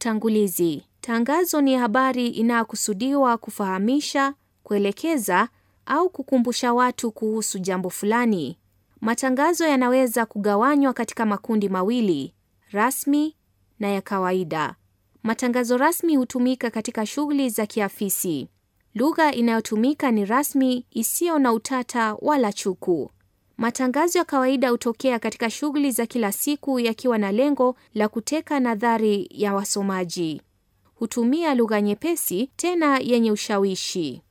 Utangulizi. Tangazo ni habari inayokusudiwa kufahamisha, kuelekeza au kukumbusha watu kuhusu jambo fulani. Matangazo yanaweza kugawanywa katika makundi mawili, rasmi na ya kawaida. Matangazo rasmi hutumika katika shughuli za kiafisi. Lugha inayotumika ni rasmi isiyo na utata wala chuku. Matangazo ya kawaida hutokea katika shughuli za kila siku yakiwa na lengo la kuteka nadhari ya wasomaji. Hutumia lugha nyepesi tena yenye ushawishi.